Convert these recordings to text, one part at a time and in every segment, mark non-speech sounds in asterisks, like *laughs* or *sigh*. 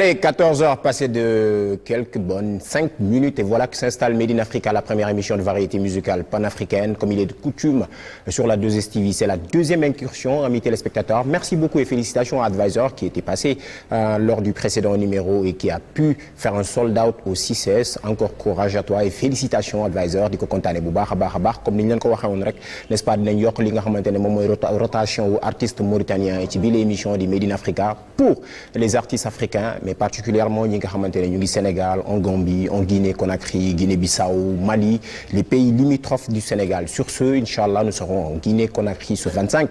Allez, 14 heures passées de quelques bonnes 5 minutes et la première émission de variété musicale panafricaine, comme il est de coutume sur la 2STV. C'est la deuxième incursion, amis Merci beaucoup et félicitations Advisor qui était passé euh, lors du précédent numéro et qui a pu faire un sold out au 6 Encore courage à toi et félicitations Advisor di ko kontaane bu baax a baax comme ni ñu leen n'est-ce pas dinañ yokk li nga xamante ne moom mais particulièrement ñi nga xamante ne ñu ngi Sénégal en Gambie en Guinée Conakry Guinée Bissau Mali les pays limitrophes du Sénégal sur ce incha allah nous serons en Guinée Conakry ce 25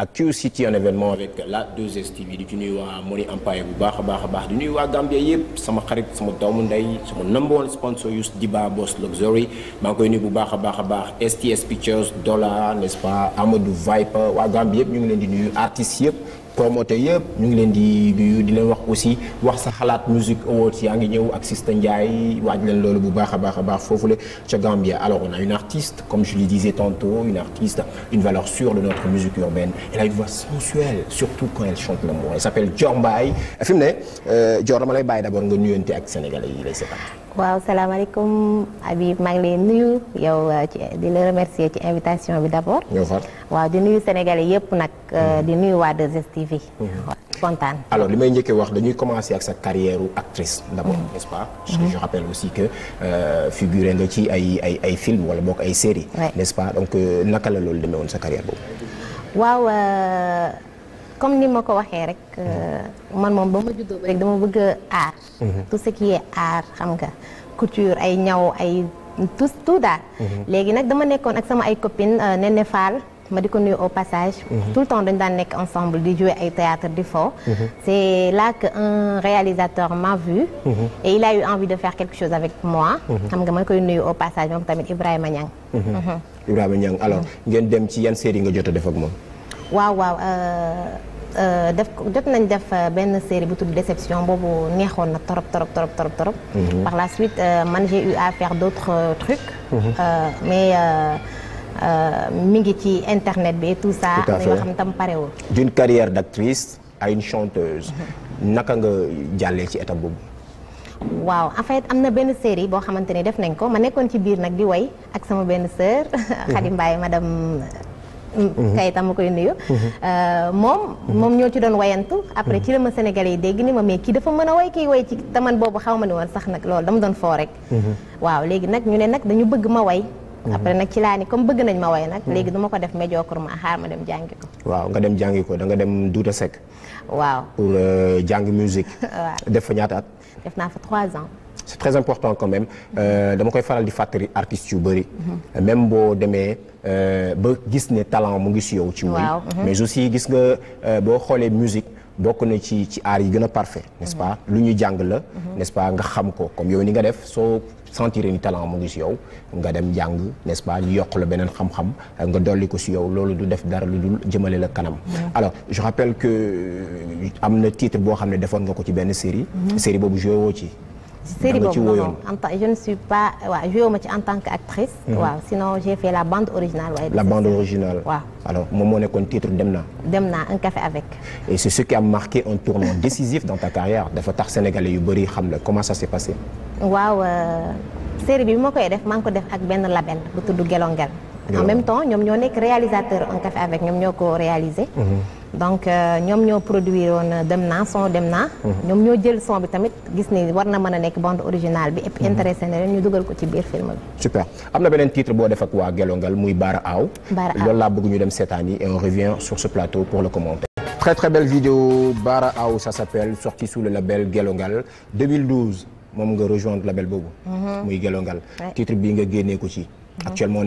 ak aussi ci un événement avec la 2STV di ci nuyu waa Money Empire bu baax a baax a baax di nuyu waa Gambia yëpp sama xarit sama doomu ndey sama number one sponsor Youssou Diba Boss Luxury maa ngi koy nuyu bu baax a baax a baax STS Pictures Dollar n'est-ce pas Amadou Viper waa Gambia yëpp ñu ngi leen di nuyu artistes yëpp promoteur yëpp ñu ngi leen di nuyu di leen wax aussi wax sa xalaat musique si yaa ngi ñëw ak Sista Ndiaye waaj leen loolu bu baax a baax a baax foofule ca Gambia alors on a une artiste comme je le disais tantôt une artiste une valeur sûre de notre musique urbaine elle a une voix sensuelle surtout quand elle chante l'amour elle s'appelle Dior Mbaye fi mu ne euh, Dior dama lay bàyyi d'abord nga nuyonte ak sénégalais yi lay seetaan waaw salaamaaleykum Habib maa ngi lay nuyu yow euh, ci di la remercier ci invitation bi d'abord. waaw di nuyu sénégalais yëpp nag. Euh, mm-hmm. di nuyu waa 2STV. Mm-hmm. kontaan alors li may njëkkee wax dañuy commencer ak sa carrière actrice d'abord mm-hmm. n'est-ce pas. parce euh, ci ay ay ay film wala boog ay série nest naka la loolu demee woon sa carrière boobu. waaw. comme ni ma ko waxee rek man moom ba ma juddoo rek dama bëgg a Mm-hmm. tout ce qui est art xam nga couture ay ñaw ay tout tout daal. Mm-hmm. léegi nag dama nekkoon ak sama ay copines euh, ne Fall ma di ko nuyu au passage. Mm-hmm. tout le temps dañ daan nekk ensemble di jouer ay théâtre di fo. c' est là que un réalisateur m'a vu. et il a eu envie de faire quelque chose avec moi. xam nga ma koy nuyu au passage moom tamit Ibrahima Niang. Ibrahima Niang alors ngeen dem ci yan série nga jot a def ak moom. waaw waaw. Euh, Euh, def ko jot nañ def euh, benn série bu tudd déception boobu neexoon na torop torop torop torop torop mhm. par la suite euh, man j'ai eu à faire d'autres trucs mhm. mais mi ngi ci internet bi et tout ça yoo xam tam parewul d'une carrière d'actrice à une chanteuse mhm. naka nga jàllee ci étape boobu waaw en am na benn série boo xamante ne def nañ ko ma nekkoon ci biir nag di way ak sama benn sœur mbaay *laughs* Mbaye madame Mm-hmm. kayit am ma koy nuyu. Mm-hmm. Euh, moom mm-hmm. moom ñoo ci doon wayantu. après ci la ma Sénégalais yi dégg ni ma mais ki dafa mën a way kii way ci taman boobu xaw ma ne woon sax nag loolu dama doon foo rek. waaw léegi nag ñu ne nag dañu bëgg ma way. après nag ci laa ni comme bëgg nañ ma way nag. léegi du ma ko def médiocre ma xaar ma dem jàngi ko. waaw nga dem jàngi ko da nga dem Douta Seck. waaw pour euh, jàng musique. *laughs* waaw def fa ñaata at. def naa fa trois ans. c'est très important quand même euh, dama koy faral di fàttali artistes yu bëri. Mhm. même boo demee euh, ba gis ne talent mu ngi si yow. ci woy mhm. mais aussi gis nga euh, boo xoolee musique bokk na ci ci aar yi gën a parfait nest pa mhm. lu ñu jàng la n'est-ce nga xam ko comme yow ni nga def soo sentir ni talent mu ngi si yow nga dem jàng n'est-ce pas ñu yokk la beneen xam-xam nga dolli ko si yow loolu du def dara lu dul jëmale la kanam alors je rappelle que am na titre boo xam ne defoon nga ko ci benn série série boobu ci série boobu non en tant je ne suis pas waaw joué en tant que actrice. Mhm. waaw sinon j'ai fait la bande originale. waaye la bande originale. waaw alors moom moo nekkoon titre dem naa. dem naa un café avec. et c'est ce qui a marqué un tournant décisif dans ta carrière dafa tax sénégalais yu bëri xam la comment ça s'est passé. waaw euh, série bi bi ma koy def maa ngi ko def ak benn label bu tudd Gelongel. en même temps ñoom ñoo nekk réalisateur un café avec ñoom ñoo ko réalisé. Mhm. donc euh, ñoom ñoo produire woon euh, dem na son dem na mhm. ñoom ñoo jël son bi tamit gis ni war na mën a nekk bande originale bi et puis mhm. na leen ñu dugal ko ci biir film bi super am na beneen titre boo def ak waa gelongal muy Baara Aaw Baara Aaw loolu laa bëgg ñu dem seetaan yi et on revient sur ce plateau pour le commenter très très belle Baara Aaw ça s'appelle sorti sous le label gelongal moom nga rejoindre label boobu mhm. muy gelongal titre bii nga génnee ko ci actuellement a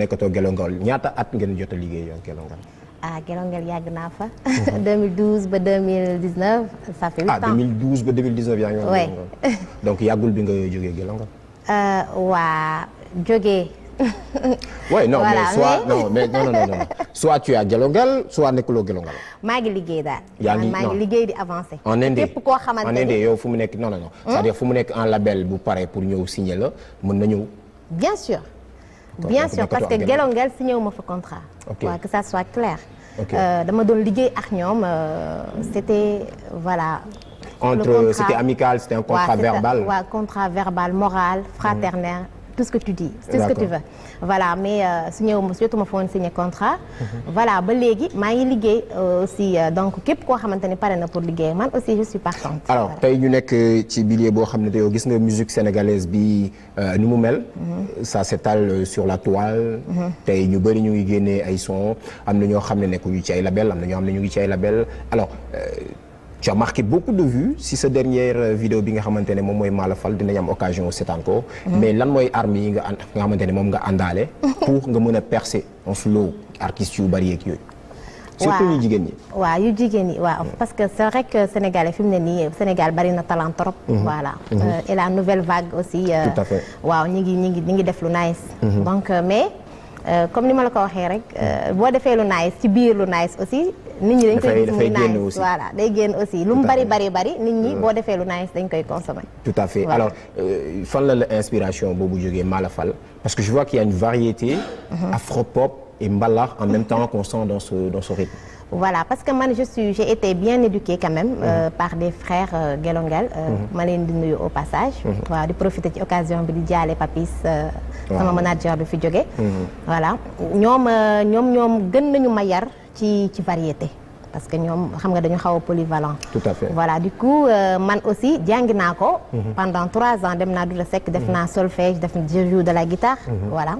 liggéey yow gelongal ah Guelonguel yàgg naa fa. 2012 *laughs* ba 2019. ça fait huit ah, ans ah *laughs* 2012 donc yàggul bi nga jógee Guelonguel. Euh, waa jógee. *laughs* oui non voilà, mais soit mais... non mais non non non nekkuloo Guelonguel. maa ngi liggéey daal. yaa ngi maa ngi liggéey di avancé. en indé koo xamante ne en indé yow fu mu nekk non non non. Hmm? cest fu mu nekk en label bu pare pour ñëw si la mën na ñëw. bien sûr. bien sûr parce que gelongal signé wu ma fa contrat waaw que ça soit clair euh, dama doon liggéey ak ñoom euh, c'était voilà entre c'était amical c'était un contrat verbal waaw contrat verbal moral fraternel mm-hmm. tout ce que tu dis c'est ce que tu veux voilà mais euh, su ñëw jotuma fa woon signé contrat mhm. voilà ba léegi maa ngi liggéey euh, aussi euh, donc képp koo xamante ni pare na pour liggéey man aussi je suis partante alors tey ñu nekk ci milieu boo xam ne te yow gis nga musique sénégalaise bi ni mu mel mhm. ça s'étale sur la toile mhm. tey ñu bëri ñu ngi génnee ay son am na ñoo xam ne nekkuñu ci ay label am na ñoo xam ne ñu ngi ci ay label alors tu as marqué beaucoup de vues si sa dernière euh, vidéo bi nga xamante ne moom mooy Maalafal dinañ am occasion seetaan ko. Mm-hmm. mais lan mooy arme yi nga xamante ne moom nga àndaale. *laughs* pour nga mën a percer en slow artistes yu bari yooyu. surtout yu jigéen ñi. waaw yu jigéen ñi waaw mm. parce que c'est vrai que sénégalais fi mu ne nii Sénégal bari na talent trop. Mm-hmm. voilà mm-hmm. Euh, et la nouvelle vague aussi. Euh, waaw ñu ngi ñu ngi ñu ngi def lu nice. donc mais comme ni ma la ko waxee rek boo defee lu nice ci biir nit ñi dañ koy gis muy aussi lu mu bari bari bari nit ñi euh. boo defee lu nice dañ koy consommer tout à fait alors euh, fan la la inspiration boobu jógee Malafal parce que je vois qu'il y a une variété uh-huh. afropop et mbalax en même temps qu'on dans ce dans voilà parce que man je suis j'ai été bien éduquée quand même uh-huh. euh, mmh. par des frères euh, euh uh-huh. ma leen di nuyu au passage waaw di profiter ci occasion bi di jaale papis sama manager bi fi joge voilà ñoom ñoom ñoom gën nañu ma yar ci ci variété parce que ñoom xam nga dañu xaw a polyvalent. tout à fait voilà du coup euh, man aussi jàngi naa ko. Mhm. pendant trois ans dem naa Duda sekk def mhm. naa solfège def na je de la guitare. Mhm. voilà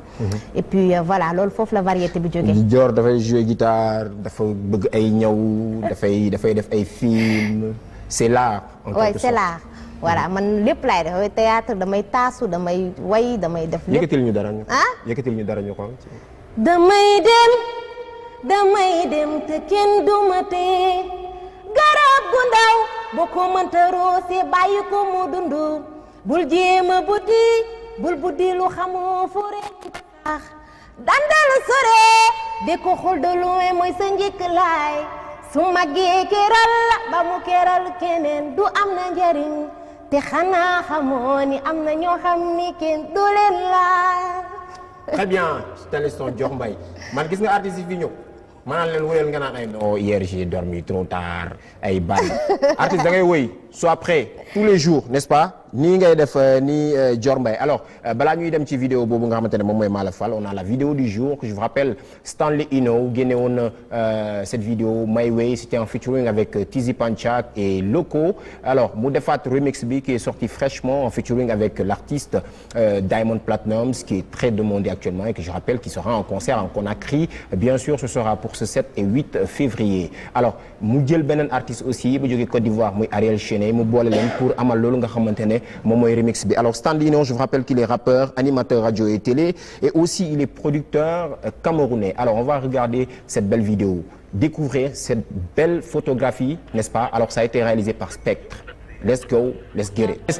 et puis euh, voilà loolu foofu la variété bi jógee. Dior dafay jouer guitare dafa bëgg ay ñaw dafay dafay def ay film c'est la en quelque sorte ouais, voilà man lépp laay def théâtre damay taasu damay way damay def lépp. yëkkatil ñu dara ñu. ah ñu dara ñu ko. damay dem. damay dem te kenn duma garab gu ndaw boo ko mënta roose bàyyi ko mu dund bul jéema buddi bul buddi lu xamoo fu rek tax dandal sore de ko xool de loin mooy sa njëkk laay su maggee keral ba mu keral keneen du am na njariñ te xanaa xamoo ni am na ñoo xam ni kenn du leen laal. très bien Téléston Dior Mbaye man gis nga artistes fi ñëw. maanaam leen wëyal nga noo ay non oh, hier j'ai dormi trop tard ay bàyyi *laughs* artiste da ngay wëy so prêt tous les jours n'est-ce pas nii ngay def euh, ni euh, Dior Mbaye alors euh, balaa ñuy dem ci vidéo boobu nga xamante ne moom mooy Mala Fall on a la vidéo du jour je vous rappelle Stanley Ino génne woon cette vidéo My Way c'était en featuring avec Tizi Panchak et Loco alors mu defaat remix bi qui est sorti fraîchement en featuring avec l'artiste Diamond Platnumz qui est très demandé actuellement et qui sera en concert en Conakry bien sûr ce sera pour ce jël beneen artiste aussi bu jógee Côte d'Ivoire muy ne mu boole leen pour amal loolu nga xamante ne moom i remix bi alors Stan Lino je vous rappelle qu'il est rappeur animateur radio et télé et aussi il est producteur camerounais alors on va regarder cette belle vidéo découvrir cette belle photographie n'est-ce pas alors ça a été réalisé par Spectre let's go let's get it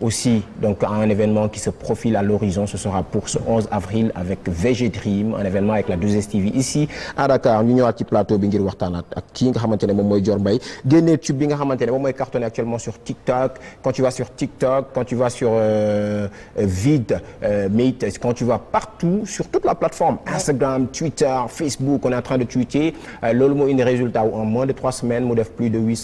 aussi donc un événement qui se profile à l'horizon ce sera pour ce 11 avril avec VG Dream un événement avec la stv ici à Dakar ñu ñëwaat ci plateau bi ngir waxtaanaat ak kii nga xamante ne moom mooy Dior Mbaye génnee tube ne moom mooy cartonné actuellement sur TikTok quand tu vas sur TikTok quand tu vas sur euh, Vid euh, euh mais quand tu vas partout sur toute la plateforme Instagram Twitter Facebook on est en train de tweeter euh, loolu moo résultat wu en moins de trois semaines mu plus de vues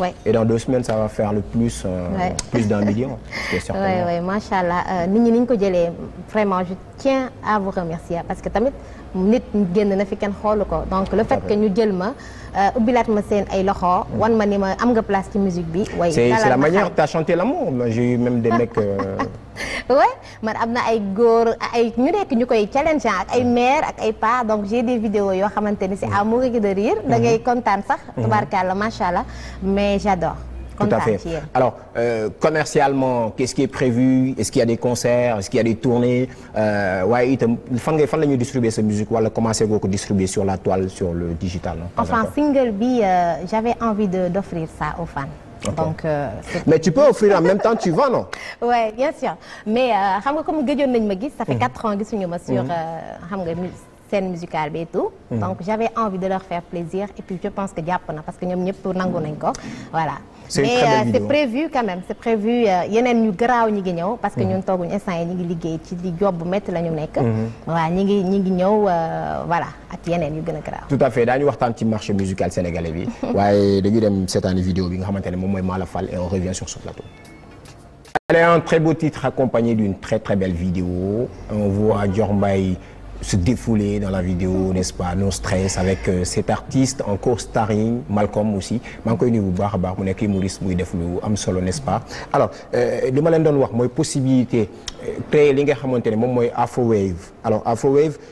Ouais. Et dans deux semaines, ça va faire le plus, euh, ouais. plus d'un million. Oui, oui, machallah. Nous, nous, nous, vraiment, tiens à vous remercier parce que tamit nit génn na fi kenn xoolu ko donc le fait que ñu jël ma euh, ubbilaat ma seen ay loxo. wan ma ni ma am nga place ci musique bi. waaye c'est la manière t'as chanté l'amour moi j'ai eu même des mecs. Euh, *laughs* man am na ay góor ay ñu nekk ñu koy challenge ak ay maire ak ay pa donc j'ai des vidéos yoo xamante ni si à mourir de rire. da ngay mhm. kontaan sax. Mhm. tubaarkalla macha allah mais j'adore tout à fait alors euh, commercialement qu'est-ce qui est prévu est-ce qu'il y a des concerts est-ce qu'il y a des tournées waaye euh, itam fan ngay fan la ñuy commencé goo ko distribuer sur la toile sur le digital enfin single bi euh, j'avais envie d'offrir ça aux fans euh, mais tu peux offrir en même temps tu vends *laughs* ma gis. ça fait mhm. quatre ans gisuñu ma sur mhm. scène musicale bi tout. Mhm. donc j'avais envie de leur faire plaisir et puis je pense que jàpp na parce que ñoom ñëpp nangu nañ ko c'est une très euh, belle mais c'est prévu quand c'est prévu yeneen ñu garaaw ñi ngi ñëw. parce que mhm. ñun tooguñu instant yi ñi ngi liggéey ci di job bu métti nekk. Mhm. waaw ñi ngi ñi ngi ñëw euh, voilà ak yeneen yu gën a garaaw. tout à fait daañu waxtaan ci marché musical sénégalais bi. *laughs* waaye dañuy dem seetaani vidéo bi nga xamante ne moom mooy Mala Fall et on revient sur ce plateau. Allez, un très beau titre accompagné d'une très très belle vidéo on voit Dior se défouler dans la vidéo n'est-ce pas no stress avec euh, cet artiste encore starring Malcolm aussi maa ngi koy nuyu bu baax a baax mu nekk humoriste muy def lu am solo n'est-ce pas alors euh, li ma leen doon wax mooy possibilité euh, créer li nga xamante ne moom mooy Afrowave alors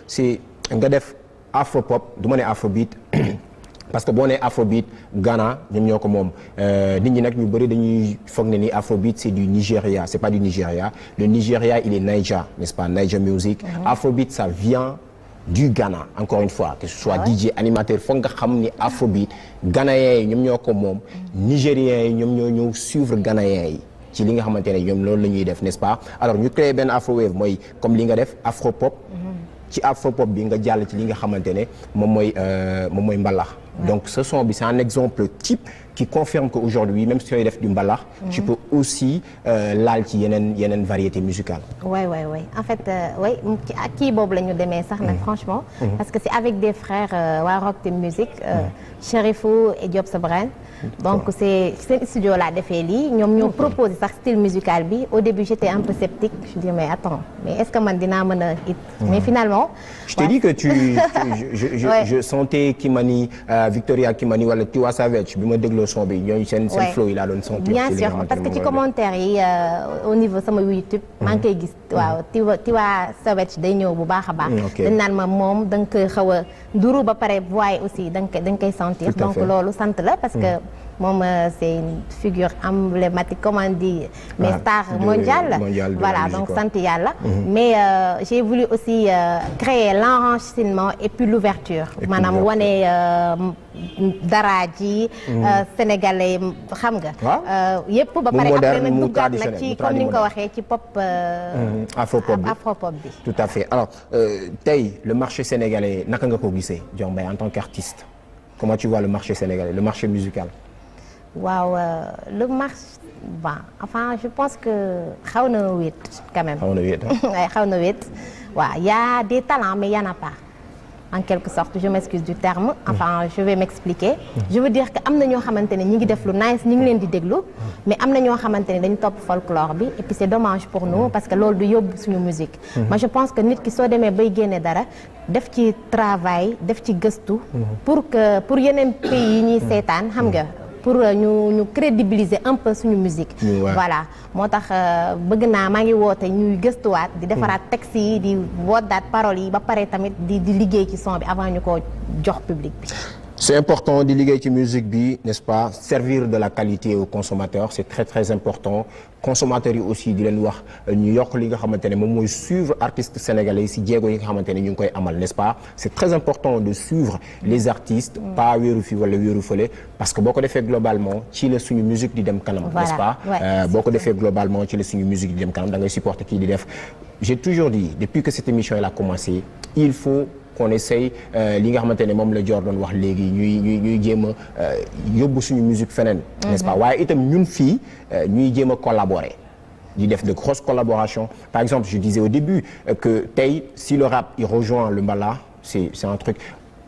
si c'est nga def afropop du ma ne afrobeat *clears throat* parce que boo nee afrobeat Ghana ñoom ñoo ko moom euh, nit ñi nag ñu bëri dañuy foog ne ni afrobeat c'est du Nigeria c'est pas du Nigeria le Nigeria il est Niger n'est-ce pas Niger music mhm. afrobeat ça vient du Ghana encore une fois que ce soit ah ouais? DJ animateur foog nga xam ni afrobeat ghanéens yi ñoom ñoo ko moom nigériens yi ñoom ñoo ñëw suivre ghanéens yi ci li nga xamante ne ñoom loolu la ñuy def n'est-ce pas alors ñu créé benn afrowave mooy comme li nga def afropop mhm. ci afropop bi nga jàll ci li nga xamante ne moom mooy euh, moom mooy mbalax donc ce son bi c'est un exemple type qui confirme que aujourd'hui même sooy def du mbalax tu peux aussi euh, laal ci yeneen yeneen variété musicale waay waay waay en fait way euh, ak kii boobu la ñu demee sax nag mm-hmm. franchement mm-hmm. parce que c'est avec des frères euh, waa Rock Team Music mm-hmm. Chérifou Diop Sabran donc c'est seen studio laa defee lii ñoom ñoo style musical bi au début j'étais un peu sceptique je a sentais Kimani Victoria Kimani wala bi ma dégloo son bi ñooñu seen seen flow yi laa doon sentir bien sûr parce que ci commentaire yi euh, au niveau sama YouTube mhm. maa ngi gis mhm. waaw Tiwa Tiwa Savage ñëw bu baax a baax mm, dañ naan ma moom da nga koy xaw a nduru ba pare voix aussi da nga da koy sentir donc loolu sant la parce que mm. moom c'est une figure emblématique comme on dit mais ah, star mondiale voilà donc sant yàlla mhm. mais euh, j'ai voulu aussi euh, créer l'enracinement et puis l'ouverture maanaam wane euh, dara ji mhm. sénégalais xam nga ah. yëpp ba pare après nag duggaat nag ci comme ni nga ko waxee ci pop mhm. afropop bi afropop bi tout à fait alors tey le marché sénégalais naka nga ko gisee Diome Mbaye en tant qu'artiste comment tu vois le marché sénégalais le marché musical waaw euh, le mars bon enfin je pense que xaw na wéet quand même. xaw na waaye *laughs* xaw na waaw y a des talents mais y en a pas. en quelque sorte je m'excuse du terme enfin hmm. je vais m'expliquer je veux dire que am na ñoo xamante ne ñi ngi def lu nice ñi ngi leen di déglu mais am na ñoo xamante ne dañu topp folklore bi et puis c'est dommage pour nous hmm. parce que loolu du yóbbu suñu musique ma hmm. je pense que nit ki soo demee bay génne dara def ci travail def ci gëstu pour que pour yeneen pays yi ñuy seetaan xam nga pour euh, ñu ñu crédibiliser un peu suñu musique voilà moo tax euh, bëgg naa maa ngi woote ñuy gëstuwaat di defaraat mm. texte yi di woddaat paroles yi ba pare tamit di di liggéey ci son bi avant ñu ko jox public bi c'est important di liggéey ci musique bi n'est-ce pas servir de la qualité aux consommateurs c'est très important consommateurs yi aussi di leen wax ñu yokk li nga xamante ne moom mooy suivre artistes sénégalais yi si jéego yi nga xamante ne ñu ngi koy amal n'est-ce pas c'est très important de suivre les artistes mm. pas wéeru fi wala wéeru fële parce que boo ko defee globalement ci la suñu musique di dem kanam n'est-ce pas euh, boo ko defee globalement ci la suñu musique di dem kanam da ngay kii di def j'ai toujours dit depuis que émission elle commencé qu'on essaye euh, li nga xamante ne moom la Dior doon wax léegi ñuy ñuy ñuy jéem a euh, yóbbu suñu musique feneen mhm. n'est-ce pas waaye itam ñun fii euh, ñuy jéem a collaborer di def de grosses collaborations par exemple je disais au début que tey si le rap il rejoint le mbala c'est c'est un truc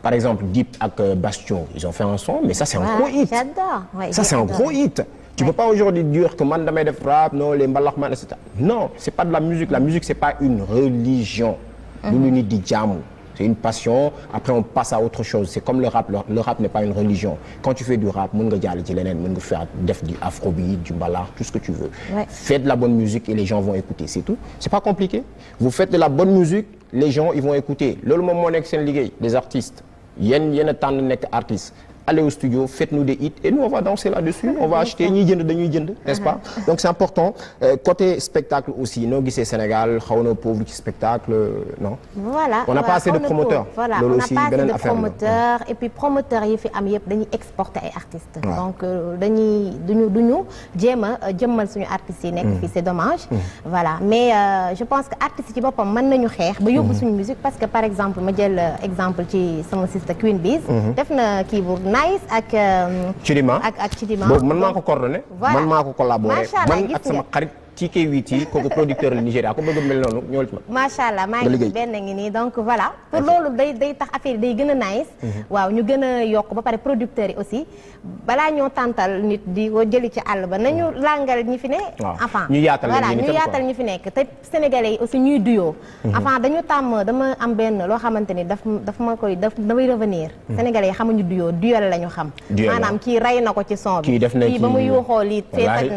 par exemple Dip ak Bastion ils ont fait un son mais ça c'est un ouais, gros hit j'adore ouais, ça c'est un gros hit tu ouais. peux pas aujourd'hui dire que man damay def rap non les mbalax man et cetera non c'est pas la musique la musique c'est pas une religion mhm. di jaamu c'est une passion après on passe à autre chose c'est comme le rap le rap n'est pas une religion quand tu fais du rap mën nga jàll ci leneen mën nga faire def du afrobeat du mbalax tout ce que tu veux ouais. fais de la bonne musique et les gens vont écouter c'est tout c'est pas compliqué vous faites de la bonne musique les gens ils vont écouter loolu moom moo nekk seen liggéey les artistes yéen yéen a tànn nekk artiste allez au studio faites-nous des hits et nous on va danser là-dessus on va acheter ñuy jënd dañuy jënd n'est-ce pas mhm. donc c'est important euh, spectacle aussi noo gisee Sénégal xaw na pauvre ci spectacle euh, non voilà on n'a pas assez de promoteurs voilà on n'a pas assez de promoteurs mhm. et puis promoteurs yi fi am yëpp dañuy exporter ay artistes donc euh, dañuy du ñu jéem a euh, jëmmal suñu artistes yi nekk mhm. fi c'est dommage voilà mais je pense que artistes ci boppam mën nañu xeex ba yóbbu suñu musique parce que par exemple ma jël exemple ci sama sister Queen Biz def na kii Nice ak. Euh, Chidima ak ak Chidima boobu man maa ko coordonné. man maa ko collaboré man ak sama xarit. ci K8 yi kooku producteur la Nigéria ku bëgg mel noonu ñëwal ma. macha allah maa ngi benn ngi nii donc voilà. pour loolu day day tax affaire yi day gën a nice. Mhm. waaw ñu gën a yokk ba pare producteurs yi aussi balaa ñoo tàntal nit di ko jëli ci àll ba na nañu mhm. langal ñi fi ne. avant ñu yaatal voilà ñu yaatal ñi fi nekk te sénégalais yi aussi ñuy duyoo. avant mhm. dañu tàmm dama am benn loo xamante ni daf daf ma koy daf damay revenir. sénégalais yi xamuñu duyoo duyal la ñu xam. maanaam kii rey na ko ci son bi. def na kii ba mu yuuxoo lii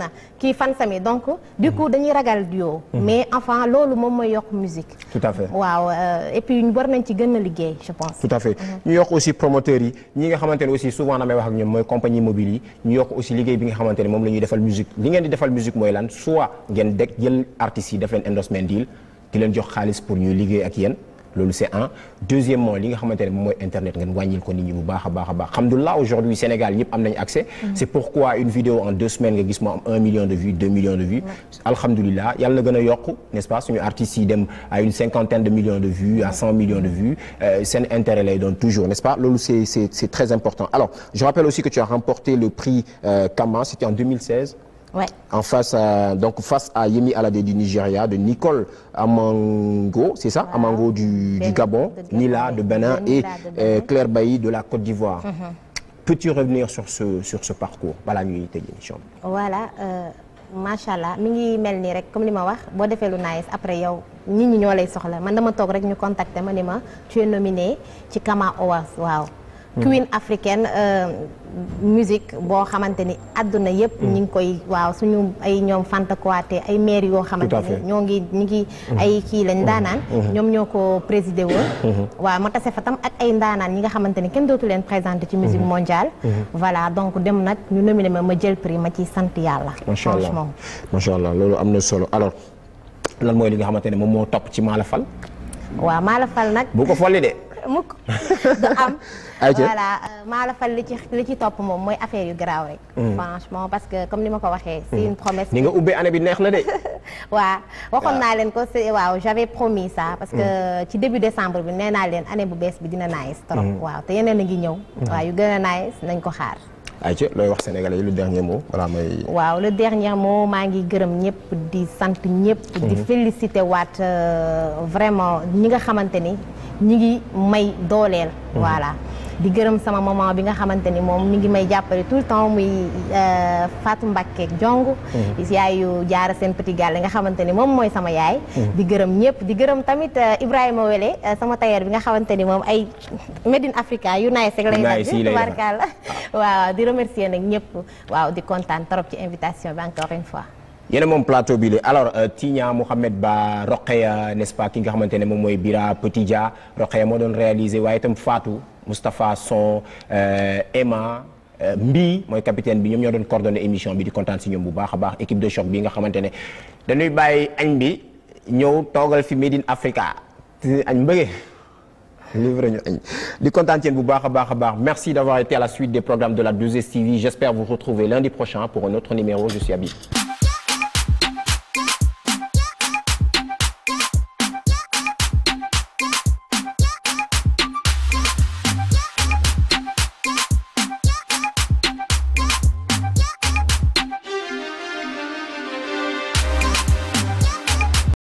na ci fan sami donc du mhm. coup dañuy ragal duo mhm. mais enfin loolu moom mooy yokk musique tout à fait waaw euh, et puis war nañ ci gën a liggéey je pense tout mhm. ñu yokk aussi promoteurs yi ñi nga xamante ne aussi souvent damay wax ak ñoom mooy compagnie mobile yi ñu yokk aussi liggéey bi nga xamante ne moom la ñuy defal musique li ngeen di defal musique mooy lan soit ngeen deg jël artistes yi def leen endorsement deal di leen jox xaalis pour ñuy liggéey ak yéen loolu c'est un deuxièmement li nga xamante ne moom mooy internet ngeen wàññil ko nit ñi bu baax a baax a baax alhamdulilah aujourd'hui accès mm-hmm. c'est pourquoi une vidéo en deux semaines nga gis moo am un million de vues deux millions de vues alhamdulilah yàlla na gën a yokk n'est-ce pas suñu artistes une cinquantaine de millions de vues à cent de vues euh, seen intérêt lay doon toujours n'est-ce pas loolu c'est très important alors je rappelle aussi que tu as remporté le prix euh, Ouais. En face à, donc face à Yemi Alade du Nigeria, de Nicole Amango, c'est ça Amango du, Gabon, Nila de Benin et euh, Claire Bailly de la Côte d'Ivoire. Mm -hmm. Peux-tu revenir sur ce, parcours balaa ñuy tëjee incha allah. allah mi ngi mel nii rek comme li ma wax boo defee lu nice après yow nit ñi ñoo lay soxla man dama toog rek ñu contacter ma ni ma tu es ci Kama Awards waaw. Mm-hmm. queen africaine euh, musique boo xamante ni àdduna yëpp mm-hmm. ñi ngi koy waaw suñu ay ñoom Fanta Kouaté ay maire yoo xamante ni ñoo ngi ñi ngi mm-hmm. ay kii lañ ndaanaan ñoom ñoo ko présider woon waa ma tase fa tam ak ay ndaanaan ñi nga xamante ni kenn dootu leen présenté ci musique mondial voilà donc dem nag ñu nominé ma ma jël prix ma ci sant yàlla macha allah macha allah loolu am na solo alors lan mooy li nga xamante ne moom moo topp ci Maalafal waaw Maalafal nag bu ko folli de mukk *laughs* du am voilà euh, maa la fal li ci li ci topp moom mooy affaire yu garaaw rek mm. franchement parce que comme ni ma ko waxee c'est mm. une promesse ni nga ubbee année bi neex na de *laughs* waaw waxoon naa leen ko c'est waaw j'avais promis ça parce que mm. ci début décembre bi nee naa leen année bu bees bi dina nice trop waaw te yeneen a ngi ñëw waaw yu gën a nice nañ ko xaar ayca looy wax sénégalais yi le dernier mot voilà may. waaw le dernier moo maa ngiy gërëm ñëpp di sant ñëpp. Mhm. di féliciter waat euh, vraiment ñi nga xamante ni ñi ngi may dooleel. Mhm. voilà. di gërëm sama maman bi nga xamante ni moom mi ngi may jàppale tout le temps muy euh, Fatou Mbacké Jong mhm. yaayu jaara seen petit gàlle nga xamante ni moom mooy sama yaay mhm. di gërëm ñëpp di gërëm tamit euh, Ibrahima Wele euh, sama tailleur bi nga xamante ni moom ay Made in Africa yu naay sek lay nag la *laughs* waaw di remercier nag ñëpp waaw di kontaan trop ci invitation bi encore une fois yéen moom plateau bi la alors euh, Tigna Mouhamed Ba Roqeya n'est-ce pas ki nga xamante ne moom mooy Bira Petit Dia Roqeya moo doon réalisé waaye tam faatu Moustapha Son euh, Emma euh, Mbi mooy capitaine bi ñoom ñoo doon coordonné émission bi di kontaan si ñoom bu baax a baax équipe de choc bi nga xamante ne dañuy bàyyi añ bi ñëw toogal fi Made in Africa añ mbëggee livre ñu añ di kontaan bu baax a baax a baax merci d'avoir été à la suite des programmes de la 2